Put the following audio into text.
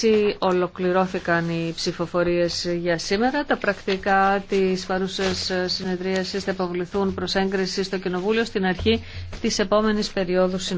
Έτσι ολοκληρώθηκαν οι ψηφοφορίες για σήμερα. Τα πρακτικά της παρούσας συνεδρίασης θα υποβληθούν προς έγκριση στο Κοινοβούλιο στην αρχή της επόμενης περίοδου συνόδου.